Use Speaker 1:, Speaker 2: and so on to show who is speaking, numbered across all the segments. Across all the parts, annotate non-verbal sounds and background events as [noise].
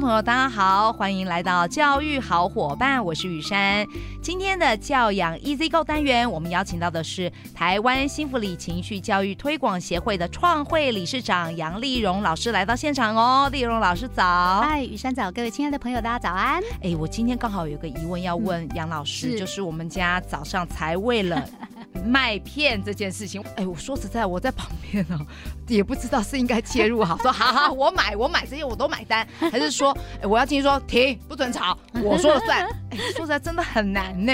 Speaker 1: 朋友，大家好，歡迎來到教育好夥伴，我是雨珊。今天的教養 EasyGo 單元，我們邀請到的是台灣幸福里情緒教育推廣協會的創會理事長楊俐容老師來到現場哦。俐容老師早，嗨，雨珊早，各位親愛的朋友大家早安。哎，我今天剛好有個疑問要問，嗯、楊老師，是就是我們家早上才為了。 [laughs] 麥片這件事情，哎、欸，我說實在，我在旁邊呢、哦，也不知道是應該介入好， [laughs] 說好好我買我買這些我都買單，還是說，哎、欸，我要進去說停，不准吵，我說了算。哎、欸，說實在，真的很難呢。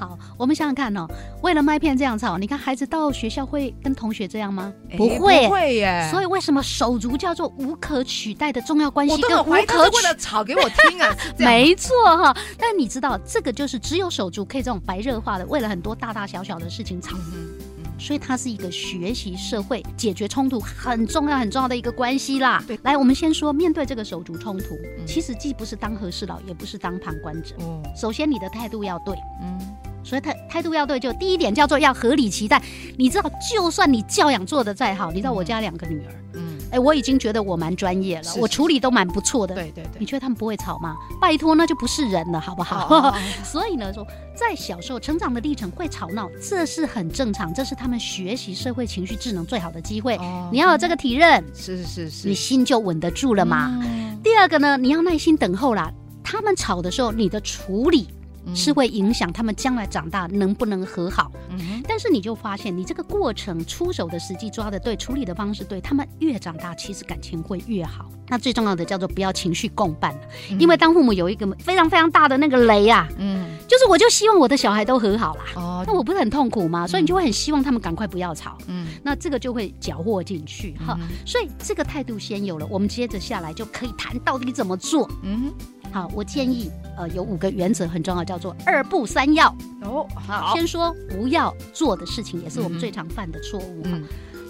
Speaker 1: 好，我們想想看哦、喔，為了麥片這樣吵，你看孩子到學
Speaker 2: 校會跟同學這樣嗎？欸、不會、欸，不會耶、欸。所以為什麼手足叫做無可取代的重要關係？無可取代，我都很懷疑他是為了吵給我聽
Speaker 1: 啊、欸， [laughs] 沒
Speaker 2: 錯哈、喔。但你知道，這個就是只有手足可以這種白熱化的，為了很多大大小小的事情吵。嗯嗯、所以它是一個學習社會解決衝突很重要很重要的一個關係啦。對。來，我們先說面對這個手足衝突，嗯、其實既不是當和事佬，也不是當旁觀者。嗯、首先，你的態度要對。嗯。所以他態度要對，就第一點叫做要合理期待。你知道，就算你教養做得再好，你知道我家兩個女兒，嗯，哎，我已經覺得我蠻專業了，我處理都蠻不錯的。對對對，你覺得他們不會吵嗎？拜託，那就不是人了，好不好？所以呢，說在小時候成長的歷程會吵鬧，這是很正常，這是他們學習社會情緒智能最好的機會。你要有這個體認，是是是是，你心就穩得住了嘛。第二個呢，你要耐心等候啦，他們吵的時候，你的處理。嗯、是會影響他們將來長大能不能和好，嗯哼，但是你就發現你這個過程出手的時機抓得對，處理的方式對，他們越長大其實感情會越好。那最重要的叫做不要情緒共伴，嗯、哼因為當父母有一個非常非常大的那個雷啊，嗯哼，就是我就希望我的小孩都和好啦，哦，那我不是很痛苦嗎？嗯、哼所以你就會很希望他們趕快不要吵，嗯哼，那這個就會攪和進去哈、嗯哼。所以這個態度先有了，我們接着下來就可以談到底怎麼做，嗯。好，我建議，呃，有五個原則很重要，叫做“二不三要”。哦，好。先說不要做的事情，也是我們最常犯的錯誤啊。嗯，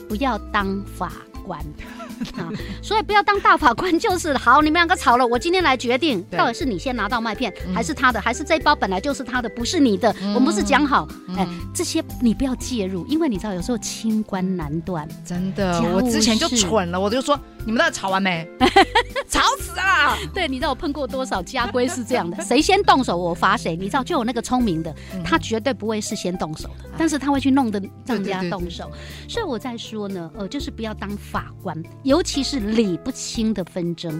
Speaker 2: 不要當法官。 [laughs] 啊，所以不要當大法官就是好。你們兩個吵了，我今天來決定，到底是你先拿到麥片，還是他的，還是這一包本來就是他的，不是你的。我們不是講好，哎，這些你不要介入，因為你知道有時候
Speaker 1: 清官難斷。真的，我之前就蠢了，我就說你們到底吵完沒？
Speaker 2: 吵死啦！對，你知道我碰過多少家規是這樣的，誰先
Speaker 1: 動手我罰誰。你
Speaker 2: 知道，就有那個聰明的，他絕對不會是先動手的，但是他會去弄得讓人家動手。所以我在說呢，呃，就是不要當法官。尤其是理不清的紛爭，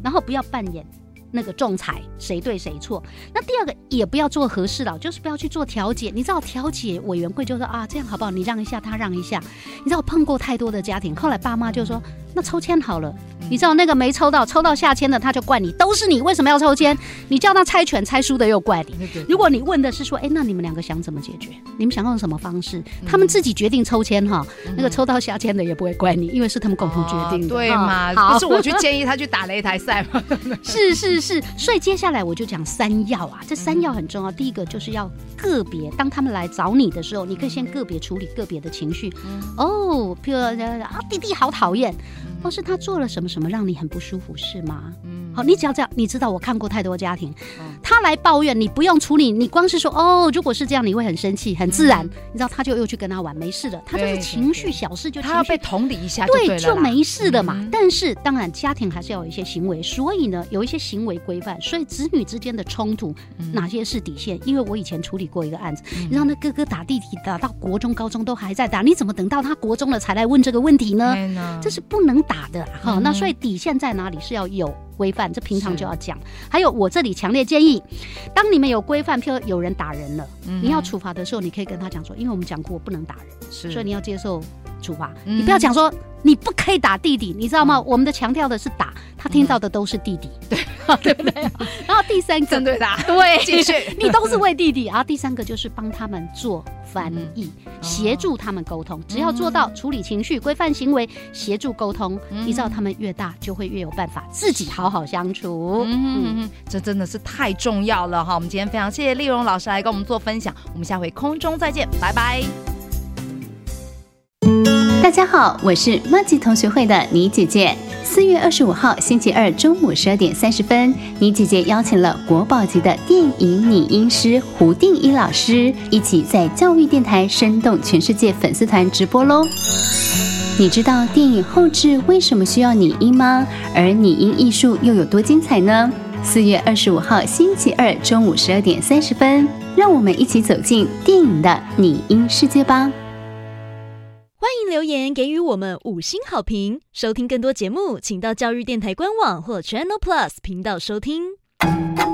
Speaker 2: 然後不要扮演那個仲裁，誰對誰錯。那第二個也不要做和事佬，就是不要去做調解。你知道調解委員會就說啊，這樣好不好？你讓一下，他讓一下。你知道碰過太多的家庭，後來爸媽就說，那抽籤好了。你知道那個沒抽到，抽到下籤的他就怪你，都是你為什麼要抽籤？你叫他猜拳猜輸的又怪你。對對對，如果你問的是說，哎、欸，那你們兩個想怎麼解決？你們想用什麼方式？嗯、他們自己決定抽籤哈、嗯哦，那個抽到下籤的也不會怪你，因為是他們共同決定的、哦，對嗎？哦、好不是我去建議他去打擂台賽嗎？好 [laughs] 是是是，所以接下來我就講三要啊，這三要很重要。嗯、第一個就是要個別，當他們來找你的時候，你可以先個別處理個別的情緒。嗯、哦，譬如啊，弟弟好討厭。或、哦、是他做了什麼什麼讓你很不舒服，是嗎？好，你只要這樣，你知道，我看過太多家庭。嗯。他來抱怨，你不用處理，你光是說，哦，如果是這樣，你會很生氣，很自然，你知道，他就又去跟他玩，沒事的，他就是情緒小事就。他要被同理一下，對，就沒事了嘛。但是當然，家庭還是要有一些行為，所以呢，有一些行為規範，所以子女之間的衝突哪些是底線？因為我以前處理過一個案子，你知道，那哥哥打弟弟打到國中、高中都還在打，你怎麼等到他國中了才來問這個問題呢？這是不能打的哈。那所以底線在哪裡是要有規範，這平常就要講。還有，我這裡強烈建議。當你們有規範，譬如有人打人了，嗯、哼你要處罰的時候，你可以跟他講說：“因為我們講過，我不能打人，是所以你要接受處罰。嗯、哼你不要講說你不可以打弟弟，你知道嗎？哦、我們的強調的是打，他聽到的都是弟弟。嗯哼”對。啊、對不對？ [laughs] 然後第三個，針 [laughs] 對他、啊，對，繼續，你都是為弟弟。 [laughs] 然後第三個就是幫他們做翻譯，嗯、協助他們溝通。嗯、只要做到處理情緒、規範行為、協助溝通，依照他們越大就會越有辦法
Speaker 1: 自己好好相處。嗯，嗯，嗯這真的是太重要了哈！我們今天非常謝謝俐容老師來跟我們做分享。我們下回空中再見，拜拜。
Speaker 2: 大家好，我是麥吉同學會的倪姐姐。四月二十五號星期二中午十二點三十分，你姐姐邀請了國寶級的電影擬音師胡定一老師，一起在教育電台聲動全世界粉絲團直播嘍。你知道電影後製為什麼需要擬音嗎？而擬音藝術又有多精彩呢？四月二十五號星期二中午十二點三十分，讓我們一起走進電影的擬音世界吧。
Speaker 1: 歡迎留言給予我們五星好評。收聽更多節目，請到教育電台官網或 Channel Plus 頻道收聽。 [noise]